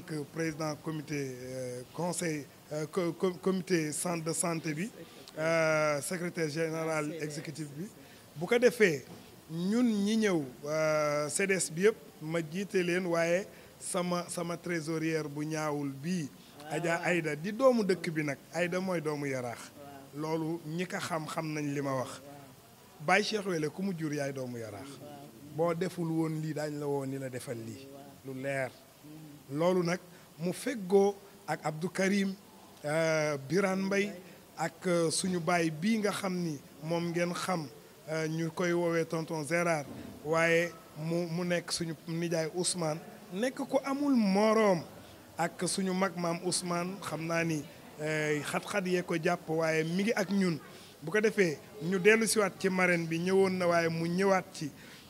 président comité euh, conseil euh, comité centre de santé bi euh, secrétaire général exécutif bi bu ko n'y ñun ñi euh CDS ma sama sama trésorière bu ñaawul bi ah. Aïda di doomu dëkk bi nak Aïda moy doomu yaraax lolu ñi xam-xam nañ lima wax Baye Cheikh wélé ku ni la li. lu loolu nag mu feggoo ak Abdou Karim euh, Birane mbay ak euh, suñu baay bii nga xam ni moom ngeen xam euh, ñu koy woowee tonton Gérard waaye mu mu nekk suñu nijaay Ousmane nekk ku amul moroom ak suñu mag maam Ousmane xam naa ni xat-xat yee ko jàpp waaye mi ngi ak ñun bu ko defee ñu dellu siwaat ci marraine bi ñëwoon na waaye mu ñëwaat ci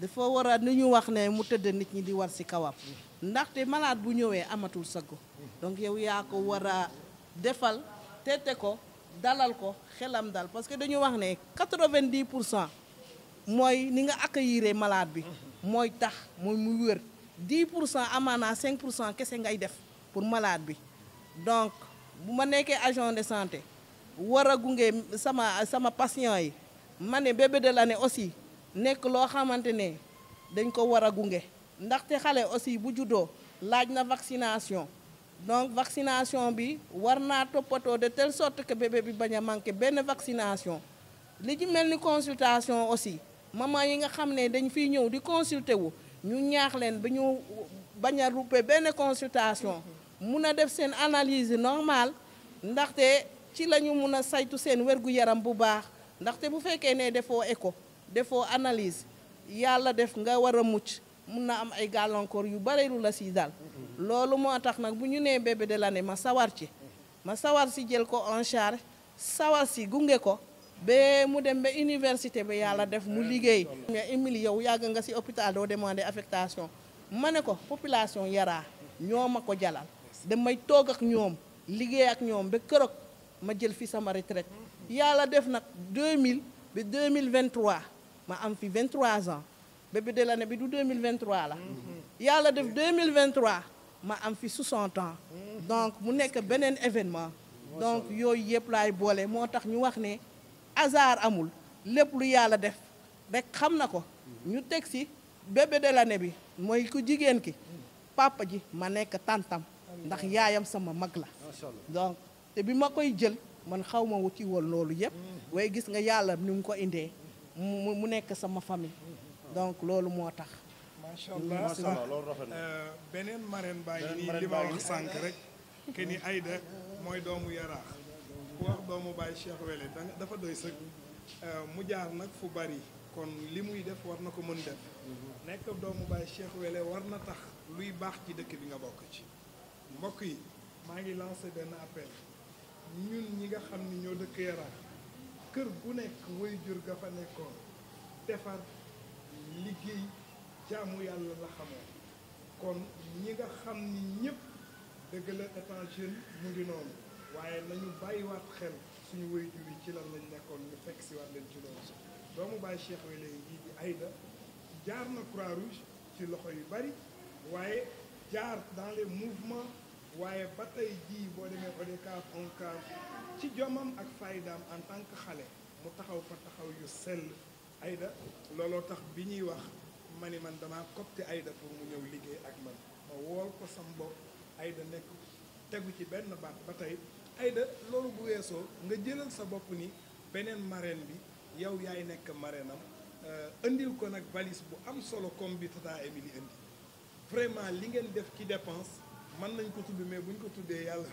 dafa war a ni ñu wax ne mu tëdd nit ñi di war ci kawam ndaxte malaat bu ñëwee amatul sago donc yow yaa ko war a defal tete ko dalal ko xelam dal parce que dañu wax ne quatre vingt pour cent mooy ni nga accueillir malaat bi mooy tax mooy mu wér dix pour cent amaanaa cinq cent kese ngay def pour malaat bi donc bu ma nekkee agent de santé war a gunge sama sama patient yi ma ne bébé de l'année aussi nekk loo xamante ne dañ ko war a gunge ndaxte xale aussi bu juddoo laaj na vaccination donc vaccination bi war naa toppatoo de telle sorte que bébé bi bañ a manqué benn vaccination li ci mel ni consultation aussi maman yi nga xam ne dañ fiy ñëw di consulter wu ñu ñaax leen ba ñu bañ a ruppe benn consultation mun a def seen analyse normale ndaxte ci la ñu mun a saytu seen wergu yaram bu baax ndaxte bu fekkee ne defoo écho defoo analise yàlla def nga war a mucc mun na am ay gàllankoor yu bareelu la si daal loolu moo tax nag bu ñu nee bébé de l'année ma sawar ci ma sawar si jël ko en charge sawar si gunge ko ba mu dem ba université ba yàlla def mu liggéey mais Émile yow yàgg nga si hôpital doo demandé affectation ma ne ko population yaraa ñoo ma ko jalal may toog ak ñoom liggéey ak ñoom ba keroog ma jël fi sama retraite yàlla def nag 2000 ba 2023 ma am fi 23 ans bébé de l'année bi du 2023 la mhm. yalla def 2023 ma am fi 60 ans mhm. donc mu nek benen événement donc yoy yep lay bolé motax ñu wax ne hasard amul lepp lu yalla def rek xam ko mhm. ñu tek ci bébé de l'année bi moy ku jigéen ki papa ji ma nek tantam ndax yaayam sama mag la donc te bi ma koy jël man xawma ma wu ci woon loolu yëpp way gis nga yalla ni ko indé. mu mu nekk sama famille donc loolu moo tax. macha allah rafet na euh, beneen marraine baa ngi nii li ma sànq rek que ni Aïda mooy doomu yaraax ku wax doomu Baye Cheikh Wele dafa doy sëg euh, mu jaar nag fu bari kon li muy def war na ko mën def nekk doomu Baye Cheikh Wele war na tax luy baax ci dëkk bi nga bokk ci mbokk yi maa ngi lancé benn appel ñun ñi nga xam ni ñoo dëkk yaraax kër gu nekk woy jur ga fa nekkoon defar liggéey jaamu yàlla la xamoon kon ñi nga xam ni ñëpp dëgg la étant jeune mu ngi noonu waaye nañu bàyyiwaat xel suñu woy jur yi ci lan lañ nekkoon ñu fekk si waat leen ci loolu doomu Baye Cheikh Wele yi di Aïda jaar na croix rouge ci loxo yu bari waaye jaar dans les mouvements waaye ba tey jii boo demee ODCAV ONCAV ci jomam ak faydaam en tant que xale mu taxaw fa taxaw yu sell Aïda looloo tax bi ñuy wax ma ni man damaa copte ayda pour mu ñëw liggéey ak man ma wool ko sam bopp Aïda nekk tegu ci benn baat ba tey Aïda loolu bu weesoo nga jëlal sa bopp ni beneen marraine bi yow yaay nekk marraine am indil euh, ko nag valise bu am solo comme bi tata Émilie indi vraiment li ngeen def ci dépense mën nañ ko tudd mais buñ ko tuddee yàlla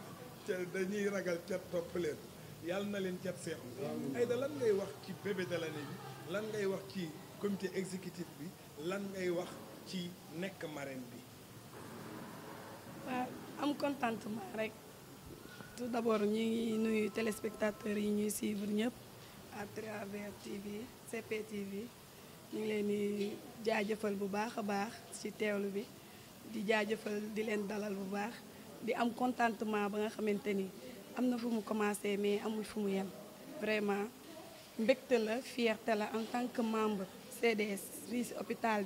ca dañuy ragal cat topp leen yàlla na leen cat seexu ay da lan ngay wax ci bébé de bi lan ngay wax ci comité exécutif bi lan ngay wax ci nekk marraine bi waaw am contentement rek tout d'abord ñu ngi nuyu téléspectateurs yi ñuy suivre ñëpp à travers TV CPTV ñu ngi leen di jaajëfal bu baax a baax ci teewlu bi di jaajëfal di leen dalal bu baax Je suis contentement ba nga xamante ni am na mais amul vraiment mbégte la fierté la en tant que membre CDS RIS hôpital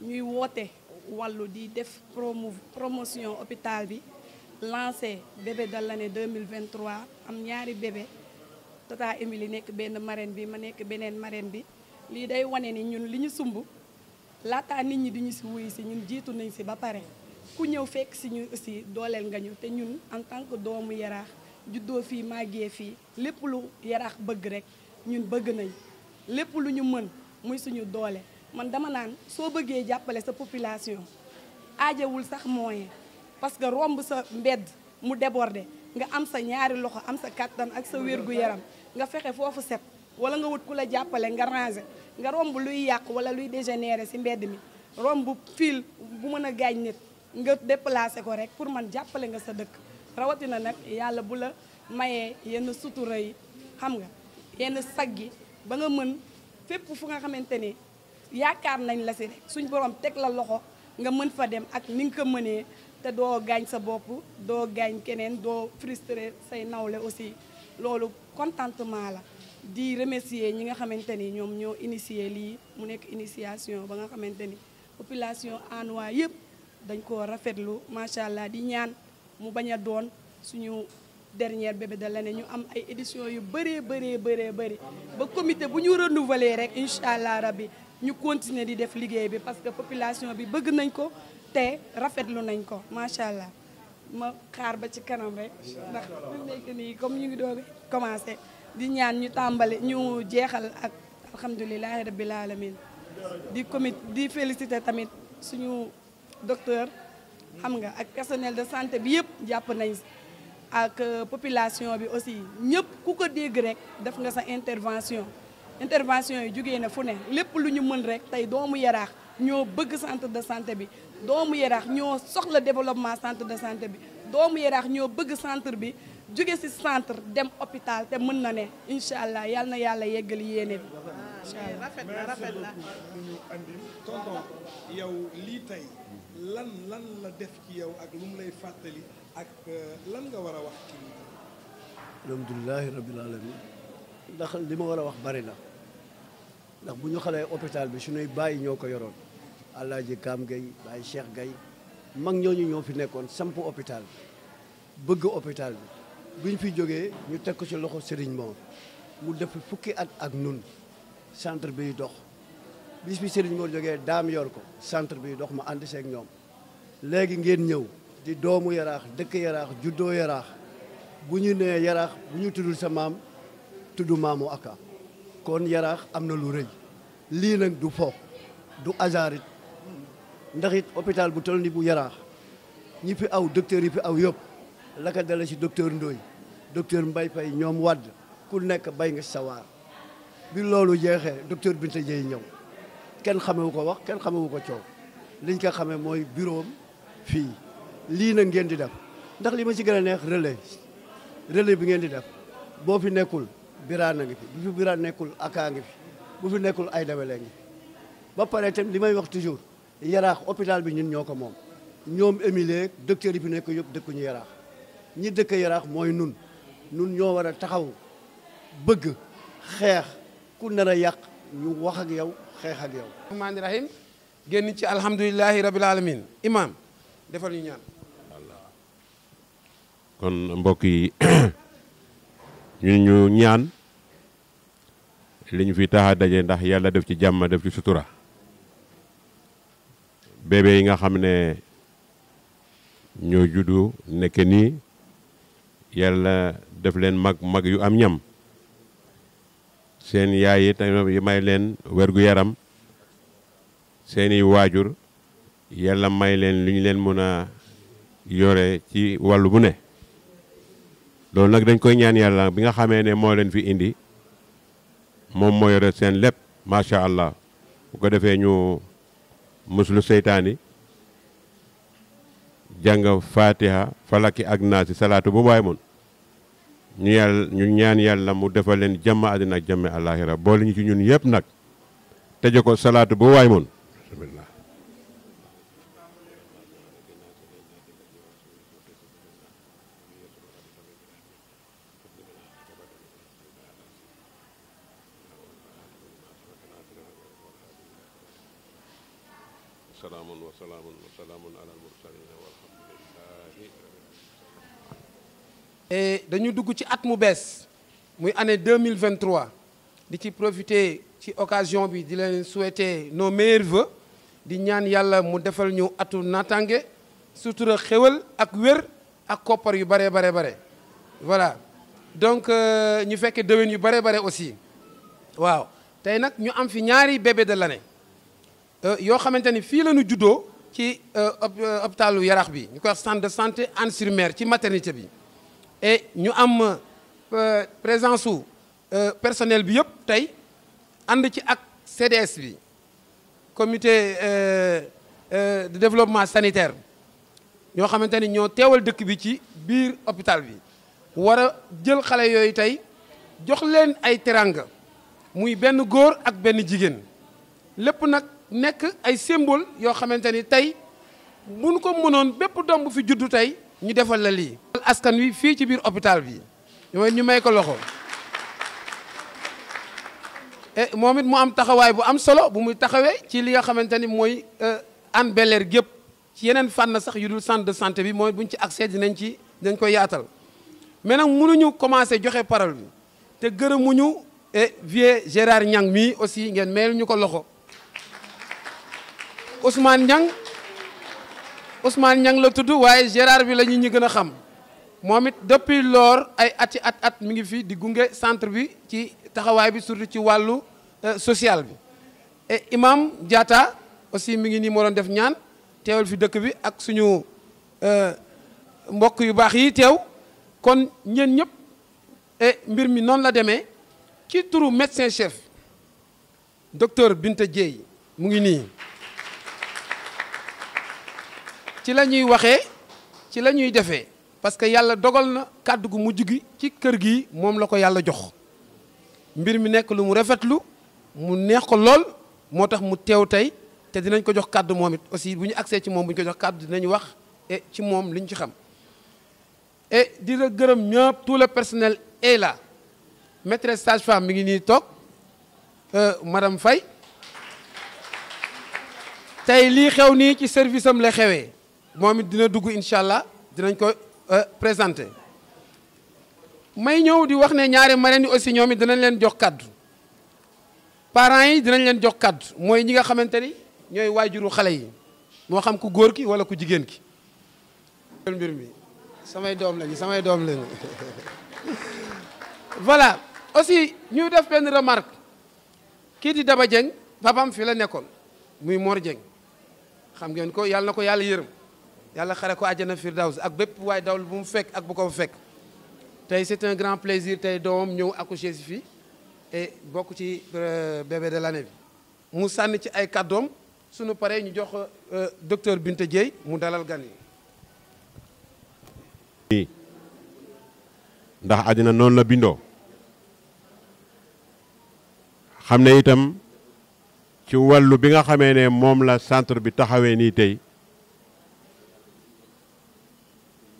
Nous avons woote wàllu di def promo promotion hôpital bi lancé bébé de l'année 2023 am ñaari bébé Tata nekk benn bi ma bi day wane ni ñun nit ñi ñun nañ ba ku ñëw fekk si ñu aussi dooleel nga ñu te ñun en tant que doomu yaraax juddoo fii màggee fii lépp lu yaraax bëgg rek ñun bëgg nañ lépp lu ñu mën muy suñu doole man dama naan soo bëggee jàppale sa population aajawul sax moyen parce que romb sa mbedd mu débordé nga am sa ñaari loxo am sa kàttan ak sa wér-gu-yaram nga fexe foofu set wala nga wut ku la jàppale nga ranger nga romb luy yàq wala luy dégénérer si mbedd mi romb fil bu mën a gaañ nit nga déplacé ko rek pour man jàppale nga sa dëkk rawatina nag yàlla bu la mayee yenn sutura yi xam nga yenn sag gi ba nga mën fépp fu nga xamante ni yaakaar nañ la si rek suñ borom teg la loxo nga mën fa dem ak ni nga ko mënee te doo gaañ sa bopp doo gaañ keneen doo frustré say nawle aussi loolu contentement la di remercier ñi nga xamante ni ñoom ñoo initié lii mu nekk initiation ba nga xamante ni population Hann yëpp dañ ko rafetlu machallah di ñaan mu baña doon suñu dernière bébé de l'année ñu am ay édition yu bëree bëree bëree bëri ba comité bu ñu renouveler rek inshallah allah rabbi ñu continuer di def liguey bi parce que population bi bëgg nañ ko té rafetlu nañ ko machallah ma xaar ba ci kanam rek ndax ñu nekk nii comme ñu ngi doog commencer di ñaan ñu tambalé ñu jéxal ak alhamdoulillah rabbil alamin di comité di féliciter tamit suñu docteur xam nga ak personnel de santé bi yëpp jàpp nañ ak euh, population bi aussi ñëpp ku ko dégg rek def nga sa intervention intervention yi jugee na fu ne lépp lu ñu mën rek tey doomu yaraax ñoo bëgg centre de santé bi doomu yaraax ñoo soxla développement centre de santé bi doomu yaraax ñoo bëgg centre bi jóge si centre dem hôpital te mën na ne incha allah yal na yàlla yeggali yéene bi incha rafet na rafet na lan lan la def ci yow ak lu mu lay fàttali ak euh, lan nga war a wax ci lii. alhamdulilahi rabbil alamin ndax li ma war a wax bari na ndax bu ñu xalee hôpital bi suñuy bàyyi ñoo ko yoroon Alaaji Kaam gay Baye Cheikh Gueye mag ñooñu ñoo fi nekkoon samp hôpital bi bëgg hôpital bi buñ fi jógee ñu teg ko ci loxo Serigne moom mu def fukki at ak nun centre biy dox bis bi Serigne Mor jógee daam yor ko centre bi dox ma ànd ñoom léegi ngeen ñëw di doomu yaraax dëkk yaraax juddoo yaraax bu ñu nee yaraax bu ñu tuddul sa maam tudd maamu aka kon yaraax am na lu rëy lii nag du fo du hasard it ndax it hôpital bu toll ni bu yaraax ñi fi aw docteur yi fi aw yëpp la dale si docteur Ndoy docteur Mbay Fay ñoom wàdd ku nekk bay nga sawaar bi loolu jeexee docteur Binta Jeey ñëw kenn xamewu ko wax kenn xamewu ko coow liñ ko xamee mooy bureau fii lii na ngeen di def ndax li ma ci gën a neex rële relais bi ngeen di def boo fi nekkul biraana a ngi fi bu fi biraan nekkul akaa ngi fi bu fi nekkul ay dawele ngi ba pare itam li may wax toujours yaraax hôpital bi ñun ñoo ko moom ñoom émile docteur yi fi nekk yëpp dëkkuñu yaraax ñi dëkk yaraax mooy nun nun ñoo war a taxaw bëgg xeex ku nar yàq ñu wax ak yow xexal yow rahmaani rahim genn ci alhamdullilah rabbil alamin imam defal ñu ñaan kon mbokk yi ñu ñu ñaan liñ fi taxa dajé ndax yalla def ci jàmm def ci sutura bébé yi nga xamné ne ñoo juddu nekk ni yalla def leen mag mag yu am ñam seen yaay yi tamit may leen wergu yaram seeni waajur yàlla may leen lu leen mën a yore ci wàllu bu ne loolu nag dañ koy ñaan yàlla bi nga xamee ne moo leen fi indi moom moo yore seen lépp macha allah bu ko defee ñu muslu seytaani jàng fatiha falaki ak naasi salaatu bu baay mun ñu yàlla ñu ñaan yàlla mu defal leen jàmm àddina ak jàmm àllaaxira boole ñu ci ñun yëpp nag tëje ko salaatu bu waay moon dañu dugg ci at mu bess muy année 2023 di ci profiter ci occasion bi di leen souhaiter nos meilleurs vœux di ñaan yalla mu defal ñu atu natangé sutura xewal ak wér ak koppar yu bare bare bare voilà donc euh, ñu fekk déwén yu bare bare aussi waaw tay nak ñu am fi ñaari bébé de l'année euh yo xamanteni fi lañu juddo ci hôpitalu euh, euh, Yarax bi ñu ko wax centre de santé Hann-sur-Mer ci maternité bi et ñu am euh, présence su euh, personnel bi yëpp tey ànd ci ak CDS bi comité euh, de développement sanitaire ñoo xamante ni ñoo teewal dëkk bi ci biir hôpital bi war a jël xale yooyu tey jox leen ay teranga muy benn góor ak benn jigéen lépp nag nekk ay symbole yoo xamante ni tey mun ko mënoon bépp doom fi juddu tey ñu defal la lii. askan wi fii ci biir hôpital bi yooyu ñu may ko loxo e moom it mu am taxawaay bu am solo bu muy taxawee ci li nga xamante ni mooy eh, Hann Bel-Air gépp ci yeneen fànn sax yu dul centre de santé bi mooy buñ ci accès dinañ ci dañ koy yaatal mais nag mënuñu commencé joxe parole bi te gërëmuñu et eh, vieux Gérard Niang mii aussi ngeen meel ñu ko loxo Ousmane Niang Ousmane Niang la tudd waaye Gérard bi la ñu ñu gën a xam moom it depuis loor ay ati at at mi ngi fi di gunge centre bi ci taxawaay bi surtout ci wàllu euh, sociale bi et imam Diatta aussi mi ngi nii moo doon def ñaan teewal fi dëkk bi ak suñu euh, mbokk yu baax yi teew kon ñeen ñëpp mbir mi noonu la demee ci turu médecin chef docteur Binta Dieye mu ngi nii ci lañuy waxé ci lañuy ñuy parce que yalla dogal na kaddu gu mujj gi ci kër gi mom la ko yalla jox mbir mi nek lu mu rafetlu mu neex ko lol motax mu tew tay té dinañ ko jox kaddu momit aussi buñu ñu ci mom buñ ko jox kaddu dinañ wax et eh, ci mom liñ ci xam et eh, di la gërëm ñëpp tout le personnel est là maîtresse sage-femme mi ngi tok euh madame Fay. tay li xew ni ci service am la xewé moom it dina dugg incha allah dinañ ko euh, présenté may ñëw di wax ne ñaari marraines yi aussi ñoom it dinañ leen jox kàddu parents yi dinañ leen jox kàddu mooy ñi nga xamante ni ñooy waajuru xale yi moo xam ku góor ki wala ku jigéen ki mbir mi samay doom lañu samay doom lañu voilà aussi ñu def benn remarque kii di Daba Dieng papam fi la nekkoon muy moor Dieng xam ngeen ko yàlla na ko yàlla yërëm Yalla xare ko àjjana firdaus ak bépp way dawl bu mu fekk ak bu ko fekk tay c'est un grand plaisir tay dom ñeu accoucher ci fi et bokku ci bébé de l'année bi mu sànni ci ay kàddoom suñu paree ñu jox euh, docteur Binta Dieye mu dalal gan yi ndax adina non la bindo xamné itam ci walu bi nga xamé né mom la centre bi taxawé ni tay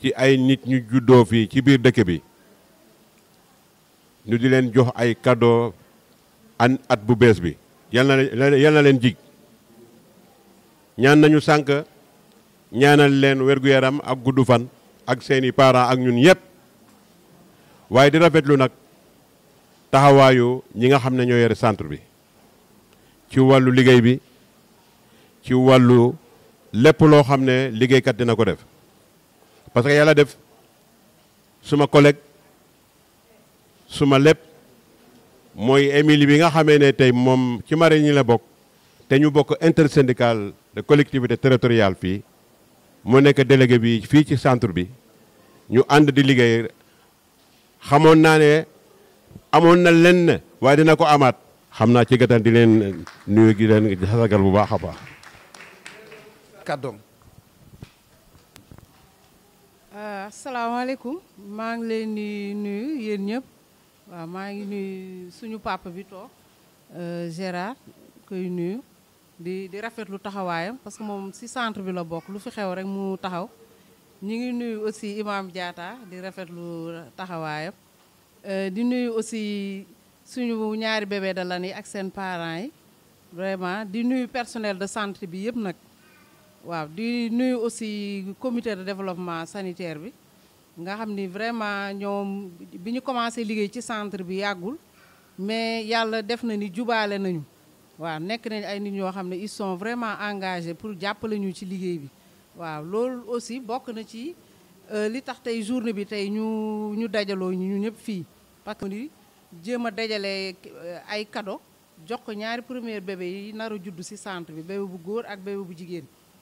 ci ay nit ñu juddoo fi ci biir dëkk bi ñu di leen jox ay kaddoo an at bu bees bi yal na leen jig ñaan nañu sànq ñaanal leen wér yaram ak gudd fan ak seeni parents ak ñun yëpp waaye di rafetlu nag taxawaayu ñi nga xam ne ñoo yore centre bi ci wàllu liggéey bi ci wàllu lépp loo xam ne liggéeykat dina ko def parce que yalla def suma collègue suma lepp moy Émilie bi nga xamé né tay mom ci marine ñi la bok té ñu bokk intersyndical de collectivité territoriale fi mo nek délégué bi fi ci centre bi ñu and di liggéey xamoon na ne amoon na lenn waaye dina ko amaat xam naa ci gëtan di leen nuyu gi leen bu baax a baax kàddoom Euh, assalamualaikum maa ngi leen ni nuyu yeen ñep wa ma ngi nuyu suñu papa bi tok euh Gérard koy nuyu di di rafetlu taxawayam parce que mom ci centre bi la bok lu fi xew rek mu taxaw ñi ngi nuyu aussi imam Diatta di rafetlu euh di nuyu aussi suñu ñaari bébé dalani ak seen parents yi vraiment di nuyu personnel de centre bi yeb nak waaw di nuyu aussi comité de développement sanitaire bi nga xam ni vraiment ñoom bi ñu commencé liggéey ci centre bi yàggul mais yàlla def na ni jubaale nañu waaw nekk nañ ay nit ñoo xam ne ils sont vraiment engagé pour jàppale ñu ci liggéey bi waaw loolu aussi bokk na ci euh, li tax tey journée bi tey ñu ñu dajaloo ñu ñëpp fii parce que ni jéem a dajale euh, ay kado jox ko ñaari première bébé yi nar a juddu ci centre bi bébé bu góor ak bébé bu jigéen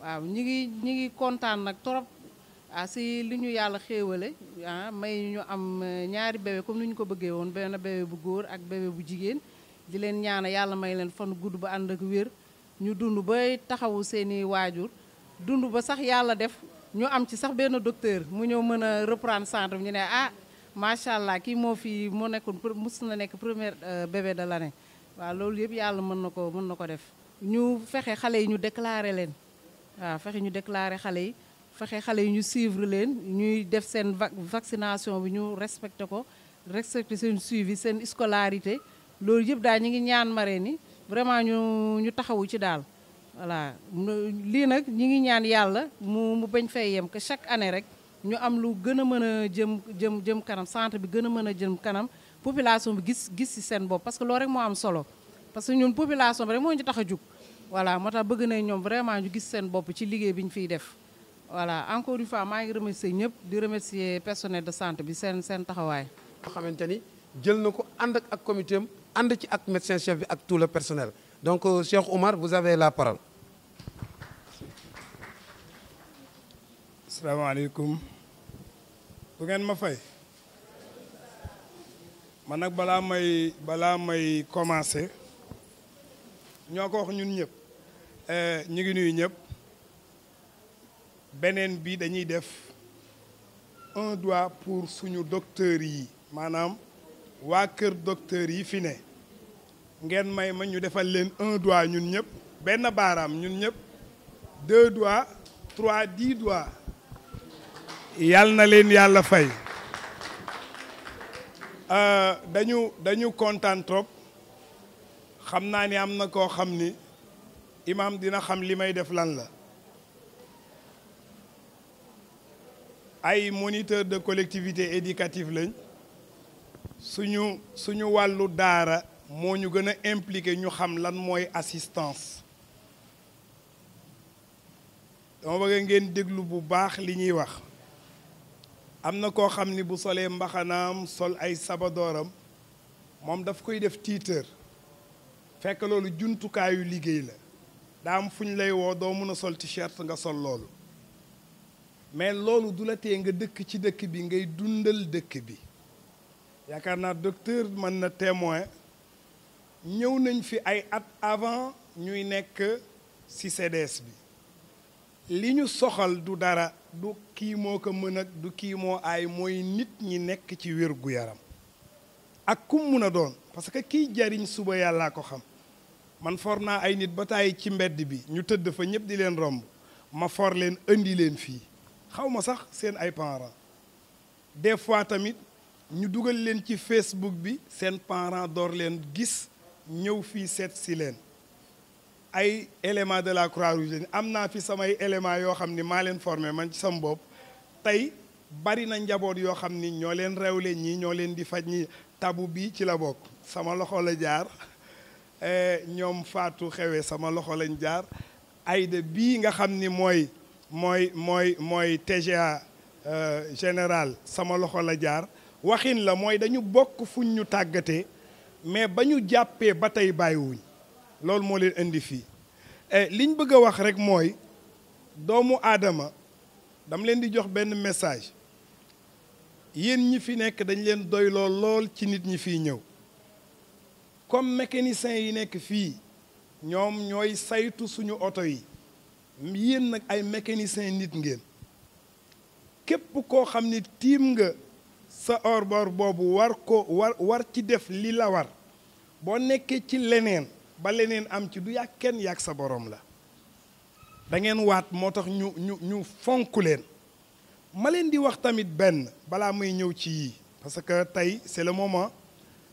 waaw ñi ngi ñi ngi kontaan nag trop ah si li ñu yàlla xéewale ah may ñu am eh, ñaari bébé comme ni ñu ko bëggee woon benn bébé bu góor ak bébé bu jigéen di leen ñaana yàlla may leen fan gudd ba ànd ak wér ñu dund ba taxawu seeni waajur dund ba sax yàlla def ñu am ci sax benn docteur mu ñëw mën a reprendre centre bi ñu ne ah macha allah kii moo fi moo nekkoon mus na nekk premier eh, bébé de l'année waa loolu yëpp yàlla mën na ko mën na ko def ñu fexe xale yi ñu déclaré leen waaw fexe ñu déclarer xalé yi fexe xalé yi ñu suivre leen ñuy def seen vaccination bi ñu respecter ko respecter seen suivi seen scolarité loolu yëpp daal ñu ngi ñaan maré ni vraiment ñu ñu taxawu ci daal voilà lii nag ñi ngi ñaan yàlla mu mu bañ fay yem que chaque année rek ñu am lu gën a mën a jëm jëm jëm kanam centre bi gën a mën a jëm kanam population bi gis gis ci seen bopp parce que loolu rek moo am solo parce que ñun population bi rek moo ñu tax a jug voilà moo tax bëgg nañ ñoom vraiment ñu gis seen bopp ci liggéey bi ñu fiy def voilà encore une fois maa ngi remercier ñëpp di remercier personnel de santé bi seen sen taxawaay. yoo xamante ni jël na ko ànd ak comité am ànd ci ak médecin chef bi ak tout le personnel donc euh, Cheikh Omar, vous avez la parole. Salam asalaamaaleykum. bu ngeen ma fay. man nag balaa may balaa may commencer. ñoo ko wax ñun ñëpp. Euh, ñu ngi nuyu ñëpp beneen bi dañuy def un doigt pour suñu docteur yi maanaam waa kër docteur yi fi ne ngeen may ma ñu defal leen un dois ñun ñëpp benn baaraam ñun ñëpp deux doigts trois dix doigts yàlla na leen yàlla fay euh, dañu dañu kontaan trop xam naa ni am na koo xam ni imam dina xam limay def lan la ay moniteur de collectivité éducative lañ suñu suñu walu daara moñu gëna gën impliqué ñu xam lan moy assistance dama bëgg ngeen déglu bu baax li ñuy wax amna ko xamni bu solé mbaxanam sol ay sabadoram, mom daf koy def tiiteur fekk loolu jumtukaayu liggéey la daam fu ñu lay woo doo mën a sol t-shirt nga sol loolu mais loolu du la tee nga dëkk ci dëkk bi ngay dundal dëkk bi yaakaar naa docteur mën na témoin ñëw nañ fi ay at avant ñuy nekk ci sedes bi li ñu soxal du dara du kii moo ko mën ak du kii moo aay mooy nit ñi nekk ci wér gu yaram ak kum mun a doon parce que kiy jariñ suba yàllaa ko xam man for naa ay nit ba tàyyi ci mbedd bi ñu tëdd fa ñëpp di leen romb ma for leen indi leen fii xaw ma sax seen ay parents des fois tamit ñu dugal leen ci Facebook bi seen parents door leen gis ñëw fii seet si leen ay éléments de la Croix-Rouge am naa fi samay éléments yoo xam ni maa leen formé man ci sama bopp tey bari na njaboot yoo xam ni ñoo leen rewle ñii ñoo leen di faj ñi tabu bii ci la bokk sama loxo la jaar Eh, ñoom faatu xewee sama loxo lañ jaar ayda bii nga xam ni mooy mooy mooy mooy TGA euh, général sama loxo la jaar waxin la mooy dañu bokk fu ñu tàggatee mais ba ñu jàppee ba tey bàyyiwuñ loolu moo leen indi fii eh, liñ bëgg a wax rek mooy doomu aadama dam leen di jox benn message yéen ñi fi nekk dañ leen doyloo lool ci nit ñi fiy ñëw comme mécanicien yi nekk fii ñoom ñooy saytu suñu oto yi yéen nag ay mécanicien nit ngeen képp koo xam ni tiim nga sa orbor boobu war ko war war ci def li la war boo nekkee ci leneen ba leneen am ci du yàgg kenn yàgg sa boroom la da ngeen waat moo tax ñu ñu ñu fonk leen ma leen di wax tamit benn balaa may ñëw ci yii parce que tey c'est le moment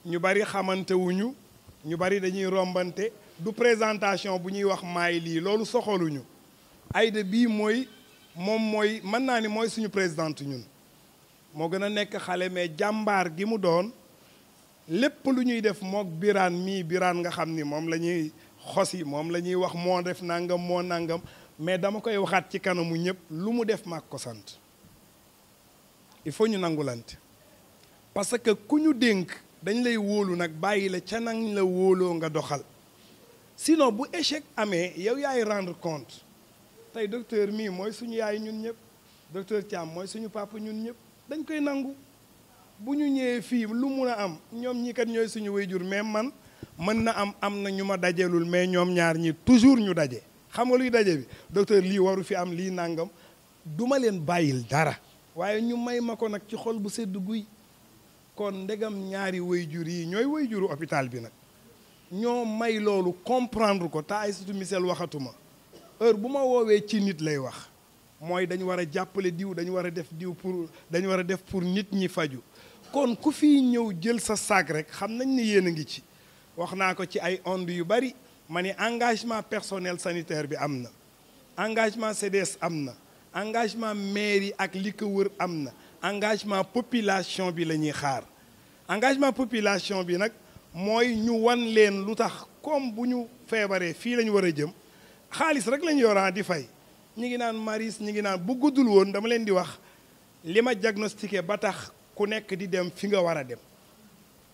ñu bari xamantewuñu Nous bari dañuy rombanté du présentation buñuy wax maay lii loolu soxaluñu Aïda bii mooy de mooy mën ni suñu présidente ñun mo gëna nek xalé mais jambar gi mu doon lepp luñuy def mok biraan mi biraan nga xamni Mom lañuy wax mais dama koy def il faut ñu nangulante parce que dañ lay wóolu nag bàyyi la ca nañ la wóoloo nga doxal sinon bu échec amee yow yaay rendre compte tey docteur mii mooy suñu yaay ñun ñëpp docteur Thiam mooy suñu papa ñun ñëpp dañ koy nangu bu ñu ñëwee fii lu mun a am ñoom ñi kat ñooy suñu wayjur mais man mën na am am na ñu ma dajalul mais ñoom ñaar ñi toujours ñu daje xam nga luy daje bi docteur lii waru fi am lii nàngam duma leen bàyyil dara waaye ñu may ma ko nag ci xol bu sedd guy kon ndegam ñaari wayjur yi ñooy wayjuru hôpital bi nag ñoo may loolu comprendre ko te Aïssatou Missel waxatuma heure bu ma woowee ci nit lay wax mooy dañu war a jàppale diw dañu war a def diw pour dañu war a def pour nit ñi faju kon ku fi ñëw jël sa sac rek xam nañ ni yéen a ngi ci wax naa ko ci ay ondes yu bari ma ni engagement personnel sanitaire bi am na engagement CDS am na engagement maire yi ak li ko wër am na engagement population bi la ñuy xaar engagement population bi nag mooy ñu wan leen lu tax comme bu ñu feebaree fii la ñu war a jëm xaalis rek la ñu yoraan ah di fay ñi ngi naan maris ñi ngi naan bu guddul woon dama leen di wax li ma diagnostiqué ba tax ku nekk di dem fi nga war a dem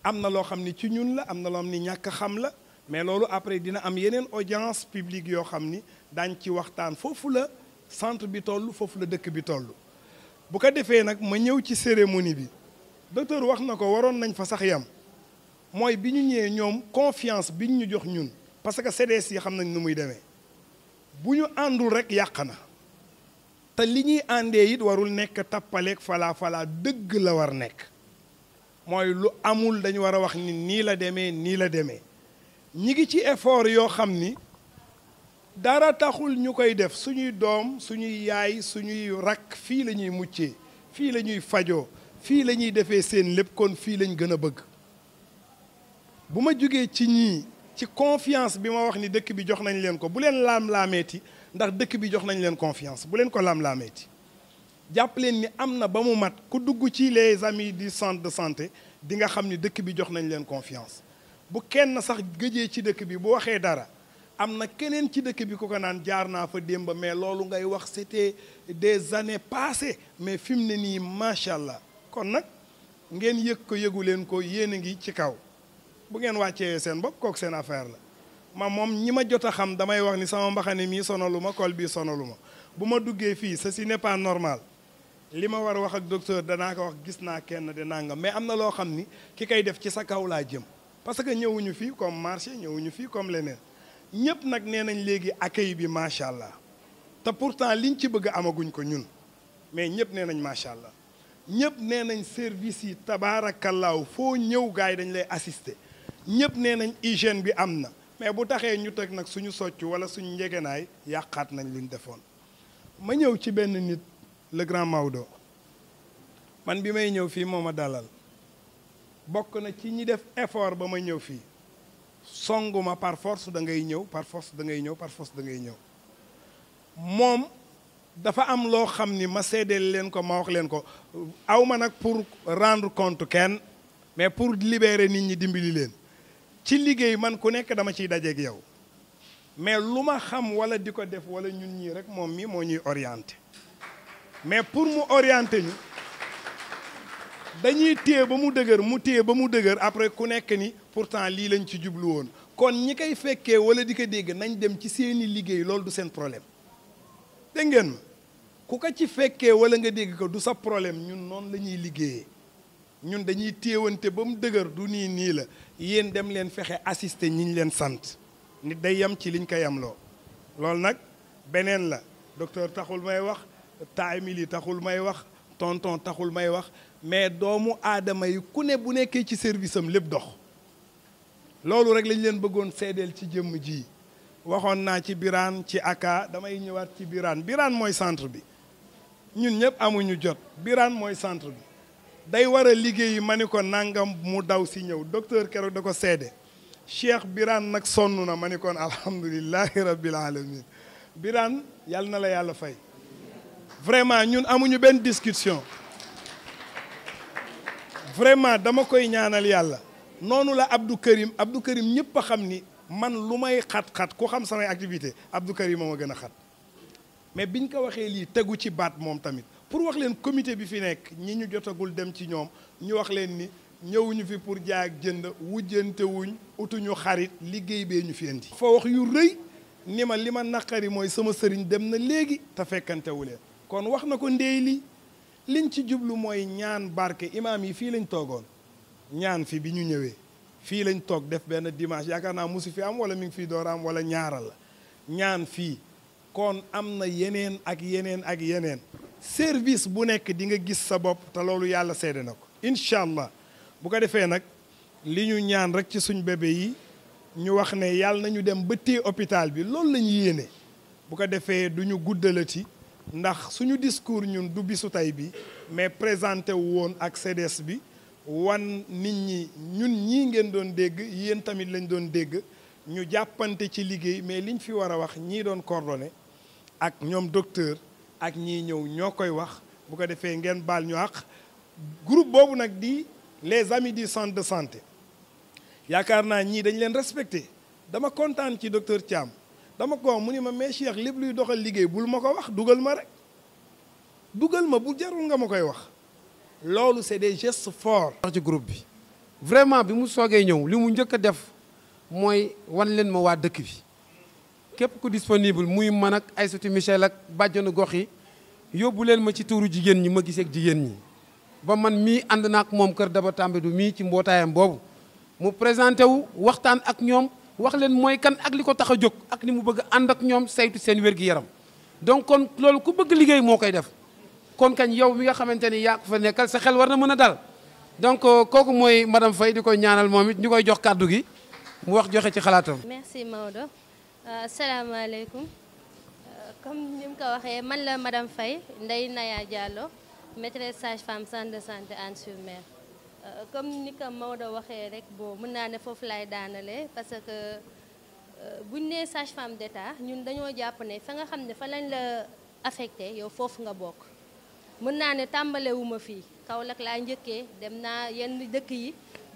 am na loo xam ni ci ñun la am na loo xam ni ñàkk xam la mais loolu après dina am yeneen audience publique yoo xam ni daañ ci waxtaan foofu la centre bi toll foofu la dëkk bi toll bu ko defee nag ma ñëw ci cérémonie bi docteur wax na ko waroon nañ fa sax yam mooy bi ñu ñëwee ñoom confiance bi ñu jox ñun parce que CDS yi xam nañ nu muy demee bu ñu àndul rek yàq na te li ñuy àndee it warul nekk tappaleeg falaa falaa dëgg la war nekk mooy lu amul dañu war a wax ni nii la demee nii la demee ñi ngi ci effort yoo xam ni dara taxul ñu koy def suñuy doom suñuy yaay suñuy rakk fii la ñuy muccee fii la ñuy fajoo fii la ñuy defee seen lépp kon fii lañ gën a bëgg bu ma jógee ci ñii ci confiance bi ma wax ni dëkk bi jox nañ leen ko bu leen laam-laameeti ndax dëkk bi jox nañ leen confiance bu leen ko laam-laameeti jàpp leen ni am na ba mu mat ku dugg ci les amis di centre de santé di nga xam ni dëkk bi jox nañ leen confiance bu kenn sax gëjee ci dëkk bi bu waxee dara am na keneen ci dëkk bi ku ko naan jaar naa fa démb mais loolu ngay wax te des années passées mais fi mu ne nii macha allah kon nag ngeen yëg ko yëgu leen ko yéen a ngi ci kaw bu ngeen wàccee seen bopp kooku seen affaire la ma moom ñi ma jot a xam damay wax ni sama mbaxane mii lu ma col bii sonalu ma bu ma duggee fii ceci n'est pas normal li ma war a wax ak docteur danaa ko wax gis naa kenn de nàng mais am na loo xam ni ki koy def ci sa kaw laa jëm parce que ñëwuñu fii comme marché ñëwuñu fii comme leneen ñëpp nag nee nañ léegi accueil bi macha allah te pourtant liñ ci bëgg amaguñ ko ñun mais ñëpp nee nañ macha allah ñëpp nee nañ service yi tabaarakallaaw foo ñëw gars yi dañ lay assisté ñëpp nee nañ hygiène bi am na mais bu taxee ñu teg nag suñu socc wala suñu njegenaay yàqaat nañ liñ defoon. ma ñëw ci benn nit le grand Maodo man bi may ñëw fii moo ma dalal bokk na ci ñi def effort ba ma ñëw fii. songuma par force da ngay ñëw par force da ngay ñëw par force da ngay ñëw moom dafa am loo xam ni ma seedeel leen ko ma wax leen ko aw ma nag pour rendre compte kenn mais pour libérer nit ñi dimbali leen ci liggéey man ku nekk dama ciy dajeeg yow mais lu ma xam wala di ko def wala ñun ñii rek moom mii moo ñuy orienté mais pour mu orienté ñu dañuy téye ba mu dëgër mu téye ba mu dëgër après ku nekk ni pourtant lii lañ ci jublu woon kon ñi koy fekkee wala di ko dégg nañ dem ci seeni liggéey loolu du seen problème dégg ngeen ma ku ko ci fekkee wala nga dégg ko du sa problème ñun noonu la ñuy liggéeyee ñun dañuy téewante ba mu dëgër du nii nii la yéen dem leen fexe assister ñiñ leen sant nit day yem ci liñ ko loo loolu nag beneen la docteur taxul may wax taamili taxul may wax tonton taxul may wax mais doomu aadama yi ku ne bu nekkee ci service am lépp dox loolu rek lañ leen bëggoon seedeel ci jëmm ji waxoon naa ci biraan ci aka damay ñëwaat ci biraan biraan mooy centre bi ñun ñëpp amuñu jot biraan mooy centre bi day war a liggéeyi ma ni ko nangam mu daw si ñëw docteur keroog da ko seede cheikh biraan nag sonn na ma ni kon alhamdulilahi rabbil alamin biraan yàlla na la yàlla fay vraiment ñun amuñu benn discussion vraiment dama koy ñaanal yàlla noonu la Abdou Karim Abdou Karim ñëpp a xam ni man lu may xat-xat ku xam samay activité Abdou Karim ma gën a xat mais biñ ko waxee lii tegu ci baat moom tamit pour wax leen comité bi fi nekk ñi ñu jotagul dem ci ñoom ñu wax leen ni ñëwuñu fi pour ak jënd wujjante wuñ utuñu xarit liggéey bee ñu fi indi. fa wax yu rëy ni ma li ma naqari mooy sama sëriñ dem na léegi te fekkantewu leen kon wax na ko ndey li liñ ci jublu mooy ñaan barke imaam yi fii lañ toogoon. ñaan fi bi ñu ñëwee fii lañ toog def benn dimanche yaakaar naa musu fi am wala mi ngi fii door am wala ñaaral la ñaan fii kon am na yeneen ak yeneen ak yeneen service bu nekk di nga gis sa bopp te loolu yàlla seede na ko incha allah bu ko defee nag li ñu ñaan rek ci suñ bébé yi ñu wax ne yàlla nañu dem ba téye hôpital bi loolu lañu yéene bu ko defee du ñu guddalati ndax suñu discours ñun du bisu tey bi mais présenté wu woon ak sedes bi wan nit ñi ñun ñii ngeen doon dégg yéen tamit lañ doon dégg ñu jàppante ci liggéey mais liñ fi war a wax ñii doon coordonné ak ñoom docteur ak ñii ñëw ñoo koy wax bu ko defee ngeen baal ñu àq groupe boobu nag di les amis du centre de santé yaakaar naa ñii dañ leen respecté dama kontaan ci docteur Thiam dama ko mu ni ma mais Cheikh lépp luy doxal liggéey bul ma ko wax dugal ma rek dugal ma bu jarul nga ma koy wax loolu c'est des gestes forts. ci groupe bi vraiment bi mu soogee ñëw li mu njëkk a def mooy wan leen ma waa dëkk bi képp ku disponible muy man ak Aïssatou Michel ak bàjjanu gox yi yóbbu leen ma ci tuuru jigéen ñi ma giseek jigéen ñi. ba man mii ànd naa ak moom kër Daba Tambédou mii ci mbootaayam boobu mu présenté wu waxtaan ak ñoom wax leen mooy kan ak li ko tax a jóg ak ni mu bëgg ànd ak ñoom saytu seen wér-gi-yaram donc kon loolu ku bëgg liggéey moo koy def. kon kañ yow mi nga xamante ni yaa fa nekkal sa xel war na mën a dal donc euh, kooku mooy madame Faye di koy ñaanal moom it ñu koy jox kàddu gi mu wax joxe ci xalaatam. merci Maodo euh, asalaamaaleykum euh, comme ni ko waxee man la madame Faye Ndeye Naya Diallo maîtresse sage-femme centre de santé comme ni ko Maodo waxee rek boo mën naa ne foofu lay daanalee parce que buñ nee sage-femme d'État ñun dañoo jàpp ne fa nga xam ne fa lañ la affecté yow foofu nga bokk. mën naa ne tàmbalewuma fii Kaolack laa njëkkee dem naa yenn dëkk yi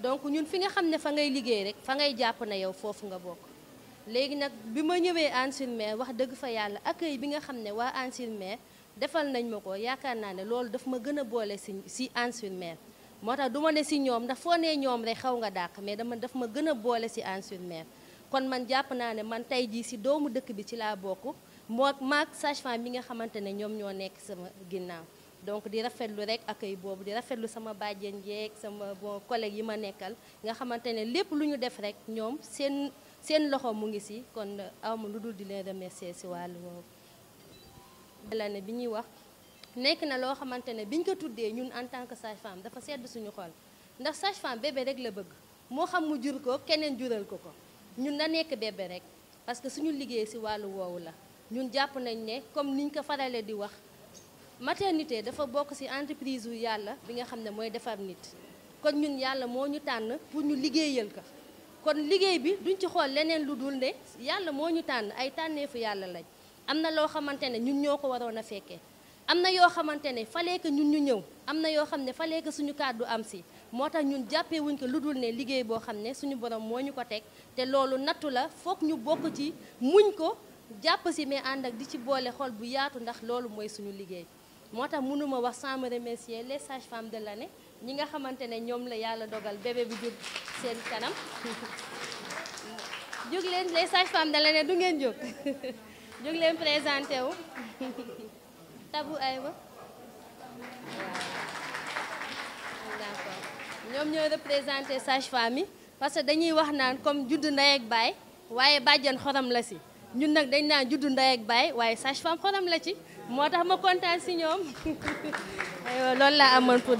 donc ñun fi nga xam ne fa ngay liggéey rek fa ngay jàpp na yow foofu nga bokk léegi nag bi ma ñëwee Anne sur wax dëgg fa yàlla accueil bi nga xam ne waa Anne sur defal nañ ma ko yaakaar naa ne loolu dafa ma gën a boole si si Anne moo tax du ma si ñoom ndax foo nee ñoom rek xaw nga dàq mais dama daf ma gën a boole si Anne kon man jàpp naa ne man tey jii si doomu dëkk bi ci laa bokk moo maag sage bi nga xamante ne ñoom ñoo nekk sama ginnaaw donc di rafetlu rek accueil bobu di rafetlu sama bàjjen yeeg sama bon collègue yi ma nekkal nga xamantene lepp luñu def rek ñom sen sen loxo mu ngi ci kon awma lu dul di leen remercier ci walu woowu la ne bi wax nek na lo xamantene biñ ko tuddé ñun en tant que sage-femme dafa sedd suñu xol ndax sage-femme bébé rek la bëgg mo xam mu jur ko keneen jural ko ko ñun na nek bébé rek parce que suñu liggéey ci walu wowo la ñun japp nañ né comme niñ ko faralé di wax maternité dafa bokk ci entreprise yu yàlla bi nga xam ne mooy defar nit kon ñun yàlla moo ñu tànn pour ñu liggéeyal ko kon liggéey bi duñ ci xool leneen lu dul ne yàlla moo ñu tànn ay tànneefu yàlla lañ am na loo xamante ne ñun ñoo ko waroon a fekkee am na yoo xamante ne falee que ñun ñu ñëw am na yoo xam ne falee que suñu kàddu am si moo tax ñun jàppee ko lu dul ne liggéey boo xam ne suñu borom moo ñu ko teg te loolu nattu la foog ñu bokk ci muñ ko jàpp si mais ànd ak di ci boole xol bu yaatu ndax loolu mooy suñu liggéey moo tax mënuma wax sans me remercier les sages-femmes de l'année ñi nga xamante ne ñoom la yàlla dogal bébé bi jóg seen kanam jóg leen les sages-femmes du ngeen jóg jóg leen présenté wu tabu aywa d'accord ñoom ñoo représenté sages-femmes yi parce que dañuy wax naan comme judd ndey ak baay waaye bàjjan xorom la si ñun nag dañ naan judd ndey ak baay waaye sage-femme xorom la ci moo tax ma kontaan si ñoom aywa loolu laa amoon pour.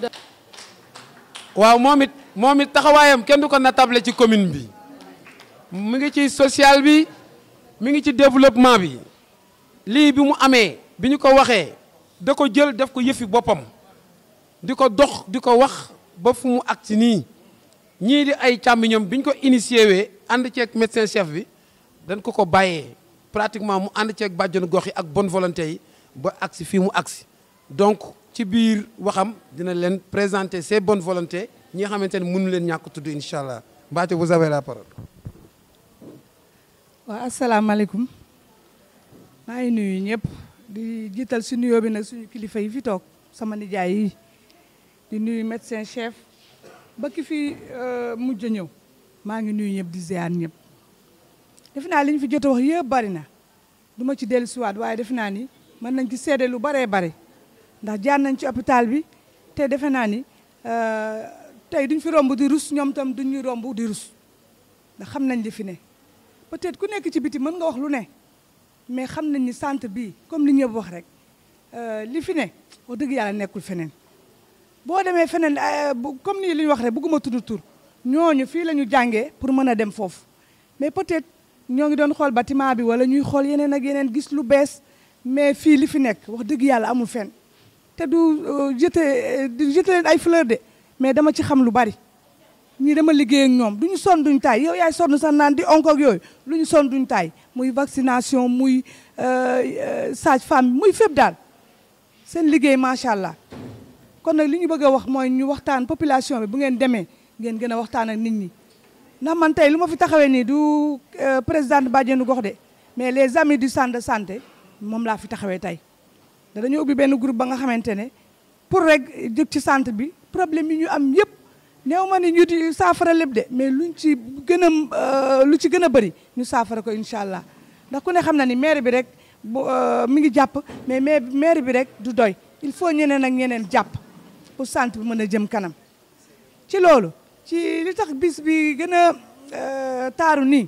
waaw moom it moom it taxawaayam kenn du ko na natable ci commune bi mi ngi ci social bi mi ngi ci développement bi lii bi mu amee bi ñu ko waxee da ko jël def ko yëfi boppam di ko dox di ko wax ba fu mu ak si nii ñii di ay càmmiñam bi ñu ko initié wee ànd ceeg médecin chef bi dañ ko ko bàyyee pratiquement mu ànd ceeg bàjjenu gox yi ak bonne volonté yi ba agsi fii mu axe donc ci bir waxam dina len présenter ses bonnes volontés ñi nga mënu len ñak tudd inshallah allah vous avez la parole. waaw asalaamaaleykum maa nuyu ñep di digital si nuyoo bi nag suñu kilifa yi fi tok sama nijaay di nuyu médecin chef ba ki fi euh a ñew ma ngi nuyu ñep di ziar ñep defe naa fi jot wax bari na du ci dellusiwaat ni. mën nañ ci seede lu baree bare ndax jaar nañ ci hôpital bi te defe naa ni euh, tey duñ fi romb di rus ñoom tam duñ ñu romb di rus ndax xam nañ li fi ne peut-être ku nekk ci biti mën nga wax lu ne mais xam nañ ni sant bi comme li ñëpp wax rek euh, li fi ne wax dëgg yàlla nekkul feneen boo demee feneen euh, comme nii li wax rek bëgguma tudd tur ñooñu fii la ñu jàngee pour mën a dem foofu mais peut-être ñoo ngi doon xool bâtiment bi wala ñuy xool yeneen ak yeneen gis lu bees mais fi li fi nek wax deug yalla amu fen te du euh, jete du jete len ay fleur de mais dama ci xam lu bari ni dama liggéey ak ñom duñu son sonn duñ taay yow yaay sonn sa naan di onko ak yooyu lu ñu sonn duñ taay muy vaccination muy euh, euh sage-femme muy fépp daal seen liggéey macha allah kon nak liñu bëgg wax moy ñu waxtaan population bi bu ngeen démé ngeen gëna waxtaan ak nit ñi na man tay luma fi taxawé ni du euh, présidente badjenu gox dé mais les amis du centre de santé moom laa fi taxawee tey da dañoo ubbi benn groupe ba nga xamante ne pour rek jóg ci centre bi problème yi ñu am yëpp néew ma ni ñu di saafara lépp de mais luñ ci gën a euh, lu ci gën a bëri ñu saafara ko incha allah ndax ku ne xam na ni maire bi rek euh, mi ngi jàpp mais maire bi rek du doy il faut ñeneen ak ñeneen jàpp pour centre bi mën a jëm kanam ci loolu ci li tax bis bi gën a euh, taaru nii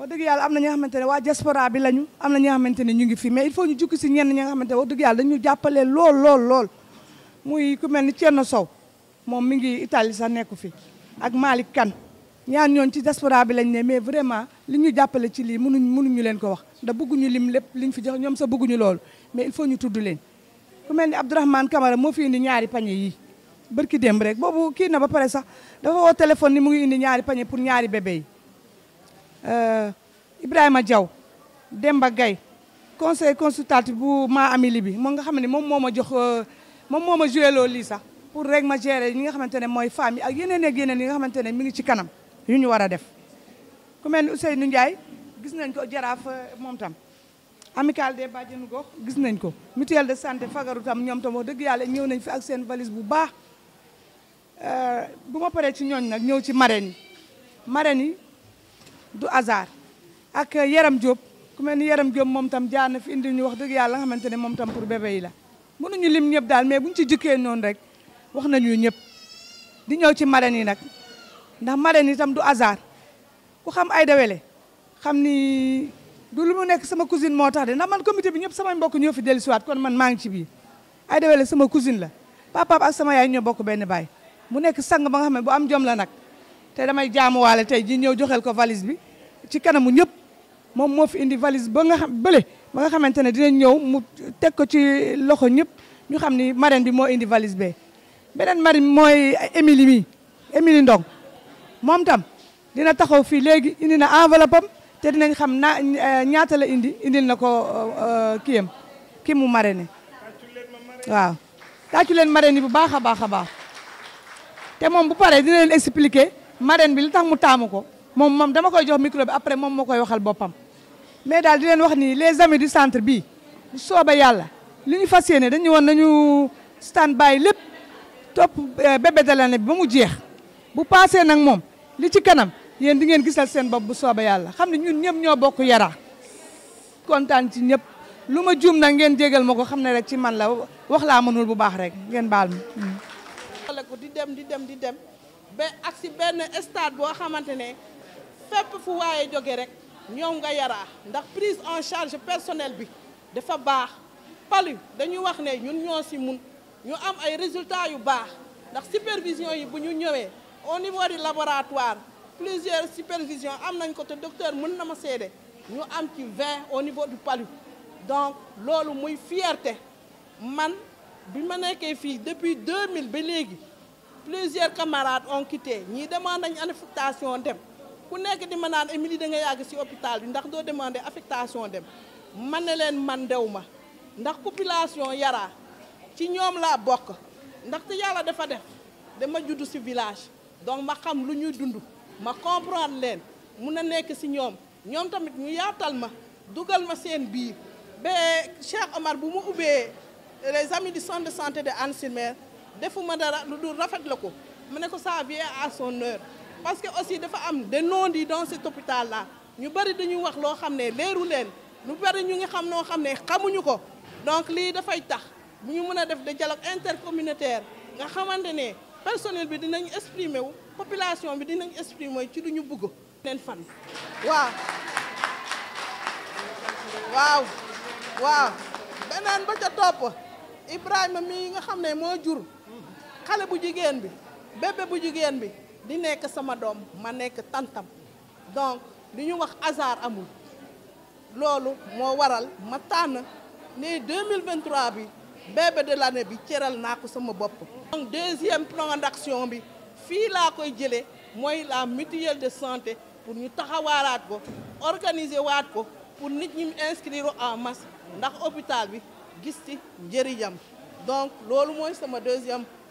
wax dëgg yàlla am na ñi nga ne waa diaspora bi lañu am na ñi nga xamante ne ñu ngi fi mais il faut ñu jukki si ñenn ñi nga xamante ne wax dëgg yàlla dañu jàppale lool lool lool muy ku mel ni Thierno Sow moom mi ngi Italie sax nekku fi ak Malick Kane ñaan ñoon ci diaspora bi lañ ne mais vraiment li ñu jàppale ci lii mënuñ mënuñu leen ko wax da bëgguñu lim lépp liñ fi jox ñoom sa bëgguñu loolu mais il faut ñu tudd leen ku mel ni Abdourahmane Camara moo fi indi ñaari pañe yi bërki démb rek boobu kii na ba pare sax dafa téléphone ni mu ngi indi ñaari pañe pour ñaari bébé yi Euh, Ibrahima Diaw Demba Gaye conseil consultatif bu maa amili bi moom nga xam ne moom moo ma jox euh, moom moo ma joueloo lii sax pour rek ma gérer ñi nga xamante ne mooy femme yi ak yeneen ak yi nga xamante ne mi ngi ci kanam yu ñu war a def ku mel ni gis nañ ko jaraaf euh, moom tam amicale des bàjjenu gox gis nañ ko mutuelle de santé fagaru tam ñoom tam wax dëgg yàlla ñëw nañ fi ak seen valise bu baax bu ma paree ci ñooñ nag ñëw ci marraine yi marraine yi du hasard ak Yaram Diop ku mel ni Yaram Diop moom tam jaar na fi indi ñu wax dëgg yàlla nga xamante ne moom tam pour bébé yi la mënuñu lim ñëpp daal mais buñ ci jukkee noonu rek wax nañu ñëpp di ñëw ci marraine yi nag ndax marraine yi tam du hasard ku xam Aïda Wele xam nii du lu mu nekk sama cousine moo tax de ndax man comité bi ñëpp samay mbokk ñoo fi dellusiwaat kon man maa ngi ci biir Aïda Wele sama cousine la papaam ak sama yaay ñoo bokk benn baay mu nekk sang ba nga xam ne bu am jom la nag te damay waale tey ji ñëw joxel ko valise bi ci kanamu ñëpp moom moo fi indi valise ba nga xam bële ba nga xamante ne dinañ ñëw mu teg ko ci loxo ñëpp ñu xam ni marraine bi moo indi valise bee beneen marraine mooy Émilie mi Émilie Ndong moom tam dina taxaw fii léegi indi na enveloppe am te dinañ xam na eh, ñaata la indi indil na ko eh, kiyam ki mu marraine waaw tàccu leen marraine yi bu baax a baax a baax te moom bu pare dina leen expliquer marraine bi li tax mu taamu ko moom moom dama koy jox micro bi après moom moo koy waxal boppam mais daal di leen wax nii les amis du centre bii bu sooba yàlla li ñu fas yéene dañu woon nañu stand by lépp topp euh, bébé de bi ba mu jeex bu paasee nag moom li ci kanam yéen di ngeen gisal seen bopp bu soobee yàlla xam ne ñun ñëpp ñoo bokk yaraa kontaan ci ñëpp lu ma juum nag ngeen jégal ma ko xam ne rek ci man la wax laa mënul bu baax rek ngeen baal ma. di dem di dem di dem ba ak si benn stade bo xamantene fep fu waaye jóge rek ñom nga yara ndax prise en charge personnel bi dafa baax palu dañu wax ne ñun ñoo si mun ñu am ay résultats yu baax ndax supervision yi bu ñu ñëwee au niveau du laboratoire plusieurs supervisions am nañ ko te docteur mën na ma sédé ñu am ci 20 au niveau du palu donc lolu muy fierté man bima ma fi depuis 2000 ba léegi plusieurs camarades ont quitté Ni demandent une affectation dem ku nekk di affectation affectation dem man ne suis man une population Yara ci la bok. ndax te village donc ma xam lu ñuy ma comprendre len ci tamit ñu ma Cheikh Omar les amis du centre de santé de anne defuma dara lu dul rafet la ko mu ça vient à son heure parce que aussi dafa am des non-dits dans cet hôpital là ñu bëri dañuy wax loo xam ne leeru leen lu bëri ñu ngi xam noo xam xamuñu ko donc lii dafay tax bu ñu mën a def de dialogue intercommunautaire nga xamante ne personnel bi dinañ exprimer wu population bi dinañ exprimer ci lu ñu bëgg leen fan waaw waaw waaw beneen ba ca top. Ibrahim, mi nga xam ne moo jur xale bu jigéen bi bébé bu jigéen bi di nekk sama doom ma nekk tantam donc li ñu wax hasard amul loolu moo waral ma tànn ne 2023 bi bébé de l'année bi cëral naa ko sama bopp. donc deuxième plan d'action bi fii laa koy jëlee mooy la mutuelle de santé pour ñu taxawaaraat ko organiser waat ko pour nit ñi inscrire en mas ndax hôpital bi gis ci njëriñam donc loolu mooy sama deuxième.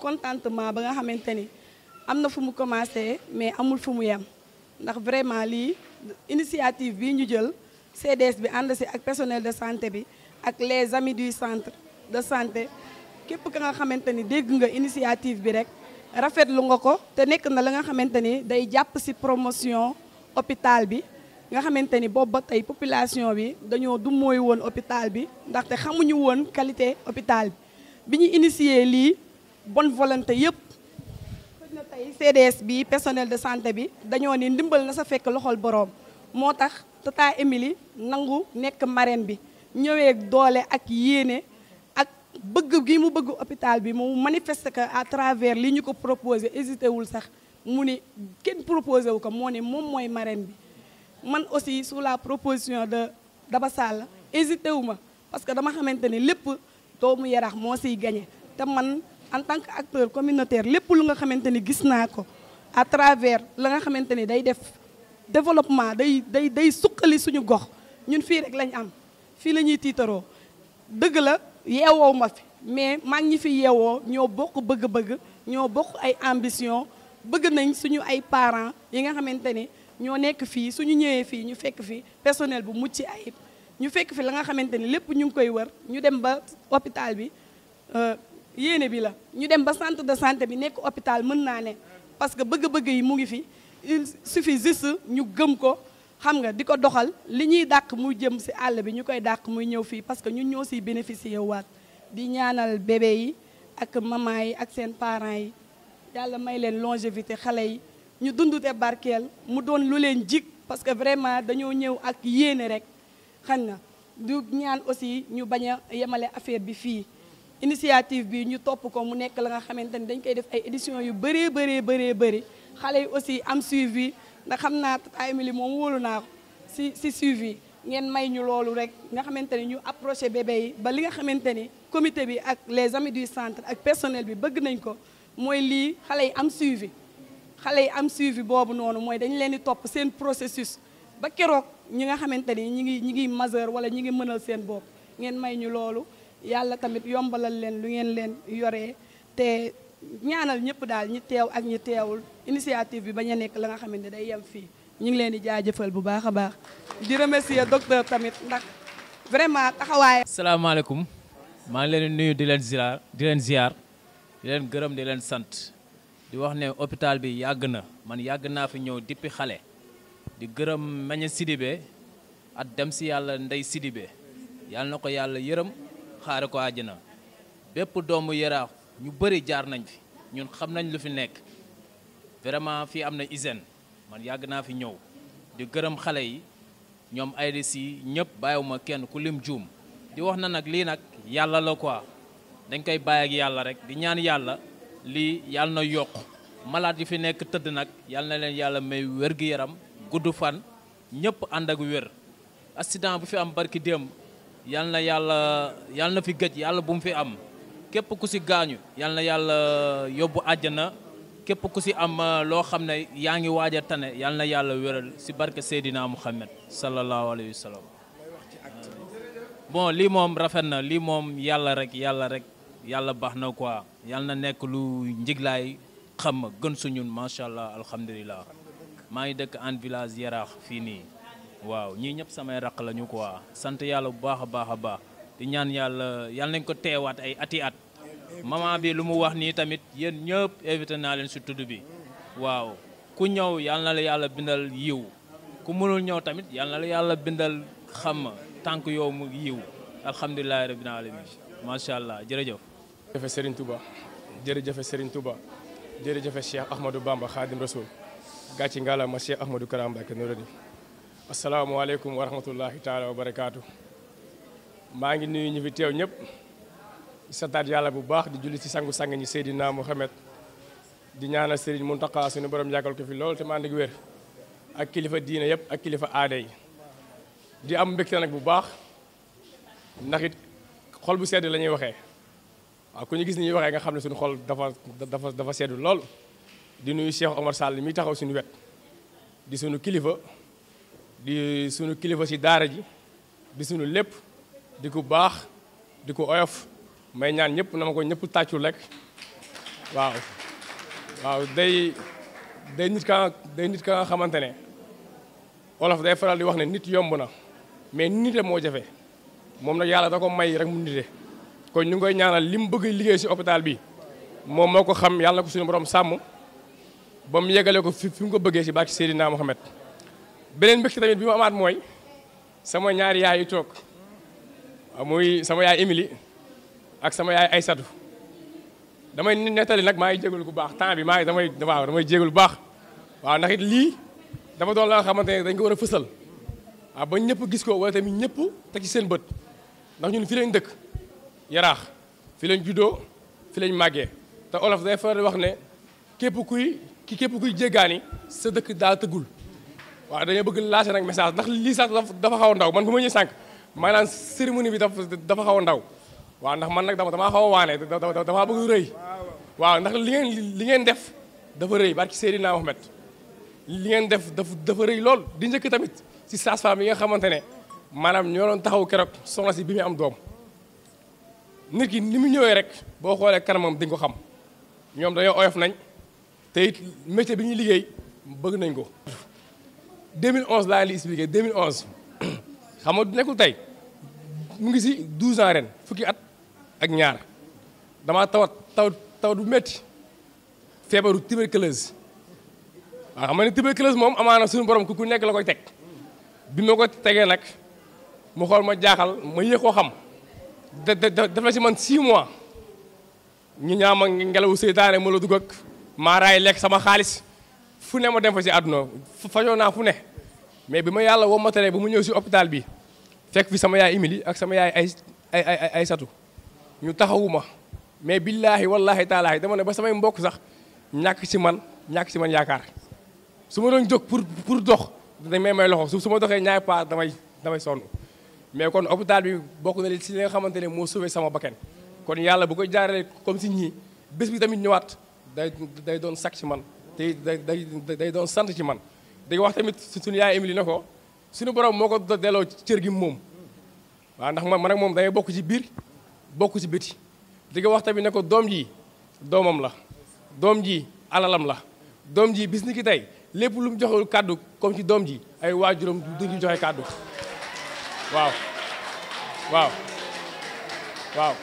contentement ba nga xamanteni amna mais amul fu mu vraiment li initiative bi ñu jël CDS bi personnel de santé bi les amis du centre de santé képp nga xamanteni initiative bi rek promotion hôpital bi nga xamanteni des population bi dañoo du moy hôpital bi xamuñu qualité hôpital bi bonne volonté yep CDS bi personnel de santé bi dañoo ni ndimbal na sa fekk loxol borom motax tata Émilie nangu nek marraine bi ñëwee doole ak yéné ak bëgg gi mu bëgg hôpital bi mu manifeste que à travers li ñu ko proposer hésité wul sax mu ni kenn proposer wu ko mo ni mom moy marraine bi man aussi sous la proposition de Daba Sall hésité wuma parce que dama xamante lepp lépp doomu yarax mo siy gagné te man en tant que acteur communautaire lépp lu nga xamante ni gis naa ko à travers la nga xamante ni day def développement day day day suqali suñu gox ñun fii rek lañ am fii la ñuy tiitaroo dëgg la yeewoo ma fi mais maa ñi fi yeewoo ñoo bokk bëgg-bëgg ñoo bokk ay ambition bëgg nañ suñu ay parents yi nga xamante ni ñoo nekk fii suñu ñëwee fii ñu fekk fi personnel bu mucc ay ñu fekk fi la nga xamante ni lépp ñu ngi koy war ñu dem ba hôpital bi euh, yéene bi la ñu dem ba centre de santé bi nekk hôpital mën naa ne parce que bëgg-bëgg yi mu ngi fi il suffit juste ñu gëm ko xam nga di ko doxal li ñuy dàq mu jëm si àll bi ñu koy dàq muy ñëw fii parce que ñun ñoo siy bénéficier waat di ñaanal bébé yi ak maman yi ak seen parent yi yàlla may leen longévité xale yi ñu dundute barkeel mu doon lu leen jig parce que vraiment dañoo ñëw ak yéene rek xam na du ñaan aussi ñu bañ a yemale affaire bi fii initiative bi ñu topp ko mu nekk la nga xamante dañ koy def ay édition yu bëree bëree bëree bëri xalé yi aussi am suivi ndax xamna naa Tata Emily mom wóolu naa ko si si suivi ngeen may ñu lolu rek nga xamante ñu approcher bébé yi ba li nga xamante comité bi ak les amis du centre ak personnel bi bëgg nañ ko moy li xalé yi am suivi xalé yi am suivi bobu nonu moy dañ leen di topp seen processus ba kérok ñi nga xamante ñi ngi ñi ngi majeur wala ñi ngi mënal sen bop ngeen may ñu lolu yàlla tamit yombalal leen lu ngeen leen yore te ñaanal ñëpp daal ñi teew ak ñi teewul initiative bi bañ a nekk la nga xam ne day yem fii ñu ngi leen di jëfal bu baax a baax di remercier docteur tamit ndax vraiment taxawaay. salaamaaleykum maa ngi leen di nuyu di leen ziar di leen ziar di leen gërëm di leen sant di wax ne hôpital bi yàgg na man yàgg naa fi ñëw dippi xale di gërëm Magne Sidibé at dem si yàlla Ndey Sidibé yàlla na ko yàlla yërëm. xaare ko na bépp doomu yaraax ñu bëri jaar nañ fi ñun xam nañ lu fi nekk vraiment fii am na hygiène man yàgg naa fi ñëw di gërëm xale yi ñoom ay si ñëpp bàyyiwuma kenn ku lim juum di wax na nag lii nag yàlla la quoi dañ koy bàyyi ak yàlla rek di ñaan yàlla lii yàlla na yokk malaat yi fi nekk tëdd nag yàlla na leen yàlla may wér-gu-yaram gudd fan ñëpp ànd ak wér accident bu fi am barki démb yal na yàlla yal na fi gëj yàlla bu mu fi am képp ku si gaañu yal na yàlla yóbbu àjjana képp ku si am uh, loo xam ne yaa ngi waaj a tane yal yàlla wéral si barke Seydina Muhammad sallallahu alayhi wa sallam bon lii moom rafet na lii moom yàlla rek yàlla rek yàlla baax na quoi yal na nekk lu njiglaay xam gën suñun macha allah alhamdulilah maa ngi dëkk en village Yaraax fii nii. waaw ñii ñëpp samay raq lañu ko quoi sant yàlla bu baax a baax a baax di ñaan yàlla yàlla nañ ko teewaat ay ati at maman bi lu mu wax nii tamit yéen ñëpp invité naa leen si tudd bi waaw ku ñëw yàlla na la yàlla bindal yiw ku mënul ñëw tamit yàlla na yàlla bindal xam tànk yow mu yiw alhamdulilahi rabbil alamin macha allah jërëjëf. jërëjëf Serigne Touba jërëjëf Serigne Touba jërëjëf Cheikh Ahmadou Bamba Khadim Rasoul gàcci ngala ma Cheikh Ahmadou Karam Mbacké asalaamaaleykum wa rahmatullahi taala wa barakaatu maa ngi nuyu ñu fi teew ñëpp di santaat yàlla bu baax di julli ci sangu-sang ñi Seydina Muhammad di ñaanal Serigne Mountakha suñu borom yàggal ko fi lool te ma ànd ak ak kilifa diine yëpp ak kilifa aada yi di am mbégte nag bu baax ndaxit xol bu sedd lañuy ñuy waxee waaw ku ñu gis ni ñuy waxee nga xam ne suñu xol dafa dafa dafa sedd lool di nuyu Cheikh Omar Sall mi taxaw suñu wet di suñu kilifa. di sunu kilifa si daara ji di sunu lépp di ku baax di ku oyof may ñaan ñëpp na ma ko ñëpp tàccul rek waaw waaw day day nit ka day nit ka nga xamante ne olof day faral di wax ne nit yomb na mais nite moo jafe moom na yàlla da ko may rek mu nite kon ñu ngi koy ñaanal li mu bëgg liggéey si hôpital bi moom moo ko xam yàlla na ko suñu borom sàmm ba mu yegalee ko fi fi mu ko bëggee ci barke Seydina Mohamed beneen mbégte tamit bi mu amaat mooy sama ñaar yaay yu toog muy sama yaay Émilie ak sama yaay ay Aysatu damay nettali nag maa ngi jégalu bu baax temps bi maa ngi damay waaw damay jégalu bu baax waaw ndax it lii dafa doon la xamante dañ ko war a fësal waaw ba ñëpp gis ko wala tamit ñëpp teg ci seen bët ndax ñun fi lañ dëkk yaraax fi lañ juddoo fi lañ màggee te olof day faral wax ne képp kuy ki képp kuy jéggaani sa dëkk daa tëggul waa dañoo bëgg lancer nag message ndax lii sax dafa xaw a ndaw man bu ma ñuy sànq maanaam cérémonie bi dafa dafa xaw a ndaw waa ndax man nag dama damaa xaw a waane damaa bëgg rëy waaw ndax li ngeen li ngeen def dafa rëy barki Seydina Mohamed li ngeen def dafa dafa rëy lool di njëkk tamit si sage-femme yi nga xamante ne maanaam ñoo doon taxaw keroog soxna si bi muy am doom nit ki ni mu ñëwee rek boo xoolee kanamam di ko xam ñoom dañoo oyof nañ te it métier bi ñuy liggéey bëgg nañ ko 2011 laa li expliqué 2011 xam nga nekkul tey mu ngi si 12 ans ren fukki at ak ñaar damaa tawat tawat tawat bu métti feebaru tuberculose waaw xam nga ne tuberculose moom amaana suñu borom ku ku nekk la koy teg bi ma ko tegee nag mu xool ma jaaxal ma yéex koo xam da da dafa si man 6 mois ñu ñaama ngelawu seytaane ma la dugg ak maaraay lekk sama xaalis. fu ne ma dem fa si àdduna fajoo naa fu ne mais bi ma yàlla woo matale ba mu ñëw si hôpital bi fekk fi sama yaay Émilie ak sama yaay ay ay ay ay satu ñu taxawuma mais billaahi wallaahi taalaahi dama ne ba samay mbokk sax ñàkk si man ñàkk si man yaakaar su ma doon jóg pour pour dox dañ may may loxo su ma doxee ñaari pas damay damay sonn mais kon hôpital bi bokk na si li nga xamante ne moo sauvé sama bakken kon yàlla bu ko jaarale comme si ñii bés bi tamit ñëwaat day day doon sak si man te day day day doon sant ci man day wax tamit suñu yaay Émilie na ko sunu borom moo ko delloo cër gi moom waaw ndax man man ak moom day bokk ci biir bokk ci biti di wax tamit ne ko doom ji doomam la doom ji alalam la doom ji bis ni ki tey lépp lu mu joxul kàddu comme ci doom ji ay waajuram duñu joxe kàddu waaw waaw waaw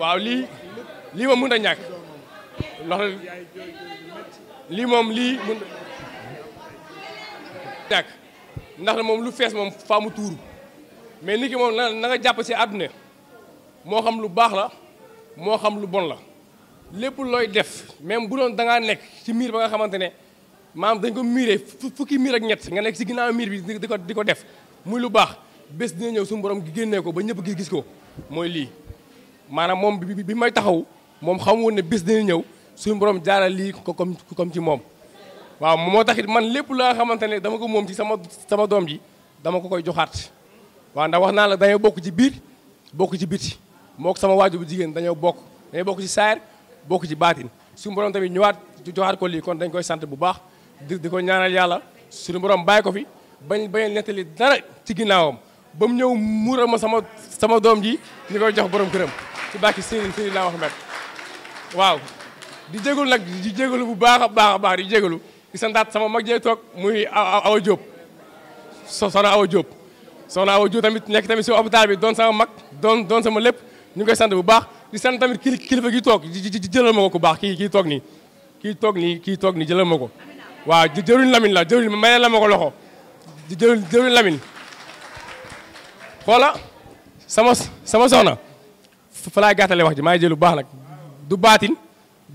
waaw lii lii moom mën a ñàkk moom lii mën ñàkk ndax na moom lu fees moom faa mu tuur mais nit ki moom na nga jàpp si àdduna moo xam lu baax la moo xam lu bon la lépp looy def même bu doon dangaa nekk ci miir ba nga xamante ne maam dañ ko miiree fukki miir ak ñett nga nekk si ginnaaw miir bi di ko di ko def muy lu baax bés dina ñëw suñu borom gi génnee ko ba ñëpp gis ko mooy lii maanaam moom bi bi may taxaw moom xam woon ne bis dina ñëw suñu borom jaaral lii ko comme comme ci moom. waaw moo tax it man lépp la nga xamante ne dama ko moom ci sama sama doom ji dama ko koy joxaat waa ndax wax naa la dañoo bokk ci biir bokk ci biti moo sama waaju bu jigéen dañoo bokk dañoo bokk ci saayir bokk ci baatin suñu borom tamit ñëwaat joxaat ko lii kon dañ koy sant bu baax di di ko ñaanal yàlla suñu borom bàyyi ko fi bañ bañ nettali dara ci ginnaawam. ba mu ñëw muur ma sama sama doom ji ñu koy jox borom këram ci bàkki sëriñ sëriñ laa Muhammad waaw di jégalu nag di jégalu bu baax a baax a baax di jégalu di santaat sama mag jee toog muy Awa Diop soxna Awa Diop soxna Awa Diop tamit nekk tamit si hôpital bi doon sama mag doon doon sama lépp ñu ngi koy sant bu baax di sant tamit kii kilifa gi toog jëlal ma ko ku baax kii kii toog nii ki toog nii kii toog nii jëlal ma ko waaw jëruñ Lamine la jëruñ may la ma ko loxo jëruñ Lamine xoola sama sama soxna fa laay gàttalee wax ji maa ngi jël lu baax nag du baatin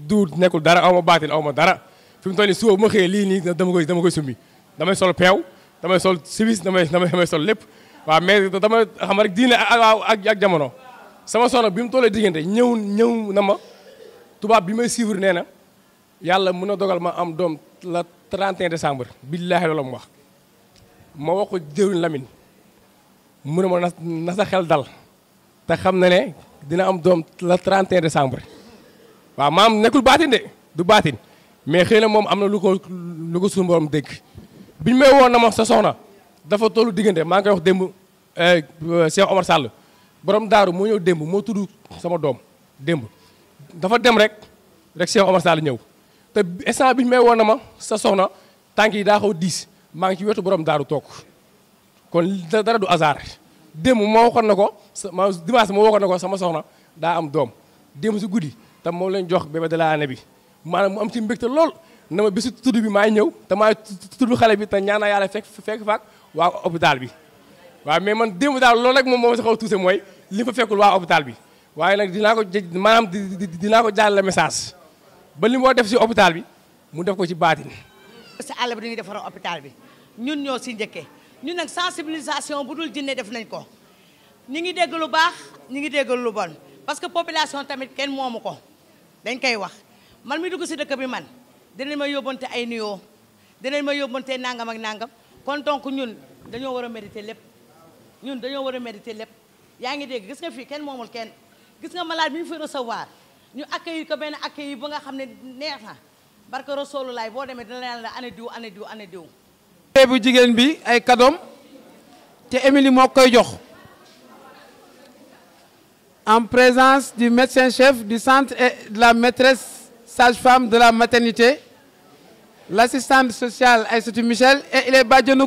du nekkul dara aw ma baatin aw ma dara fi mu toll nii suba bu ma xëyee lii nii dama koy dama koy summi damay sol peew damay sol simis damay damay sol lépp waa mais dama xam rek diine ak ak jamono sama soxna bi mu tollee diggante ñëw ñëw na ma tubaab bi may suivre nee na yàlla mun a dogal ma am doom la 31 décembre billaahi loolu mu wax ma wax ko lamin mu ma na na sa xel dal te xam na ne dina am doom le 31 décembre waaw maam nekkul baatin de du baatin mais xëy na moom am na lu ko lu ko suñu borom dégg biñ may woon na ma sa soxna dafa tollu diggante maa ngi koy wax démb eh, Cheikh Omar Sall borom daaru moo ñëw démb moo tudd sama doom démb dafa dem rek rek Cheikh Omar Sall ñëw te instant biñ may woon na ma sa soxna tànk yi daa xaw diis maa ngi ci wetu borom daaru toog kon dara du hasard démb moo waxoon na ko ma dimanche moo waxoon na ko sama soxna daa am doom démb si guddi te moom lañ jox bébé de la année bi maanaam mu am ci mbégte lool na ma bisu tudd bi maay ñëw te maay xale bi te ñaan naa yàlla fekk fekk faak waa hôpital bi waaw mais man démb daal loolu rek moom moom si tuuse mooy li fa fekkul waa hôpital bi waaye nag dinaa ko maanaam dinaa ko jàllale message ba li moo def si hôpital bi mu def ko ci baatin si àll bi dañuy defar hôpital bi ñun ñoo si njëkkee ñun nag sensibilisation bu dul jinne def nañ ko ñi ngi dégg lu baax ñi ngi dégg lu bon parce que population tamit kenn moomu ko dañ koy wax man mi dugg si dëkk bi man dinañ ma yóbbante ay nuyoo dinañ ma yóbbante nangam ak nangam kon donc ñun dañoo war a mérité lépp ñun dañoo war a mérité lépp yaa ngi dégg gis nga fii kenn moomul kenn gis nga malade bi ñu fi recevoir ñu accueillir ko benn accueil yi ba nga xam ne neex na barke Rasulullah boo demee dina la yàlla ane diw ane diw ane diw bi en présence du médecin-chef du centre et de la maîtresse sage-femme de la maternité l'assistante sociale Aïssatou Michel et il est bàjjenu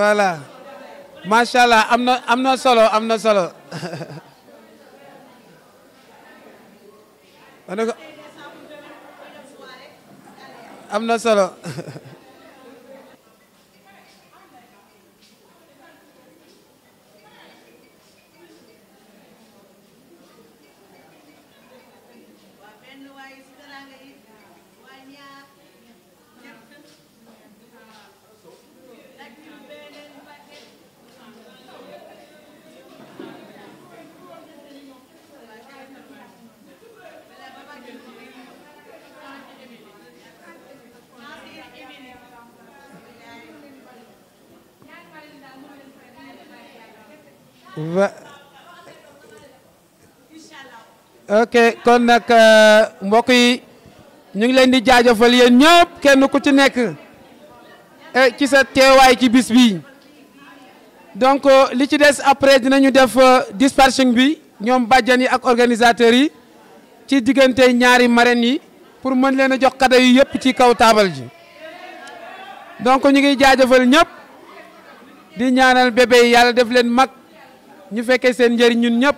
voilà macha allah am na am na solo am na solo. am na solo. ok kon nag euh, mbokk yi ñu ngi leen di jaajëfal yéen ñëpp kenn ku ci nekk eh, ci sa teewaay ci bis bi donc euh, li ci des après dinañu def euh, dispatching bi ñoom bàjjan yi ak organisateurs yi ci diggante ñaari marraines yi pour mën leen a jox cadeau yi yëpp ci kaw taabal ji donc ñu ngi jaajëfal ñëpp di ñaanal bébé yi def leen mag ñu fekkee seen njëriñ ñun ñëpp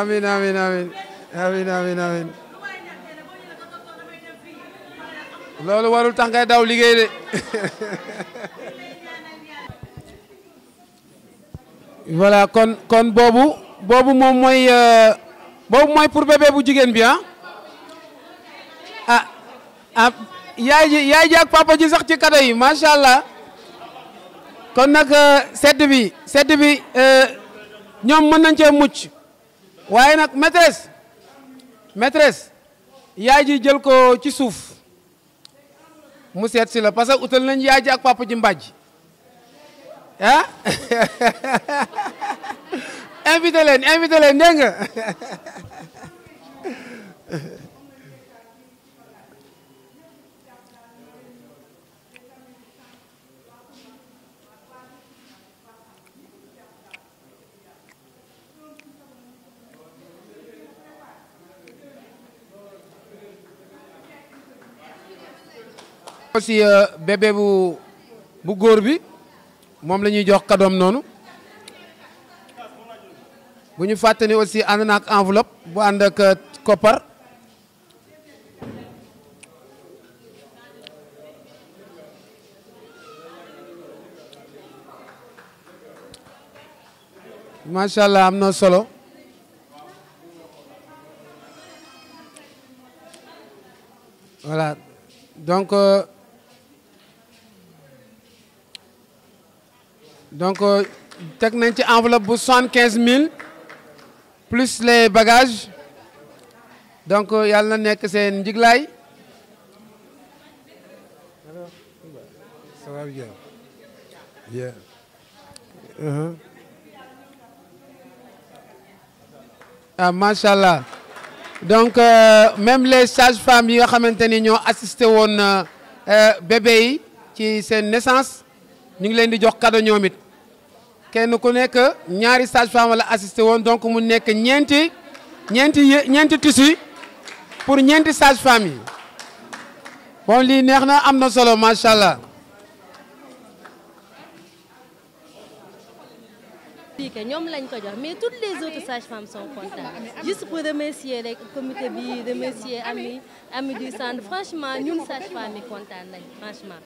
amin amin amin amin amin amin loolu warul tax ngay daw liggéey de voilà kon kon bobu bobu mom moy euh, bobu moy pour bébé bu jigen bi hein. ah ah yaay ji yaay ji ak papa ji sax ci cadeau yi ma sha allah kon nag euh, sedd bi sedd bi euh ñom mën nañ ci mucc Waye nak maîtresse maîtresse yaay ji jël ko ci souf. mu seet si la parce que utal nañ yaay ji ak papa ji mbàjj ah invité leen invité leen dégg nga euh, bu bu góor bi mom lañuy jox kadoom noonu buñu ñu aussi ànd na ak enveloppe bu and ak euh, koppar macha allah am solo voilà donc. Euh, Donc, euh, enveloppe de 75 000 plus les bagages. Donc, il y a que c'est une Ça va bien. Yeah. Uh-huh. Ah, Masha'Allah. Donc, euh, même les sages-femmes qui ont assisté à un euh, euh, bébé qui est naissance, nous ont fait un cadeau kenn nous ñaari sage-femme la assisté donc nous tissu pour sage-femme bon solo mais toutes les autres sages-femmes sont contentes juste pour remercier le comité remercier ami ami du centre franchement nous sages-femmes sont franchement.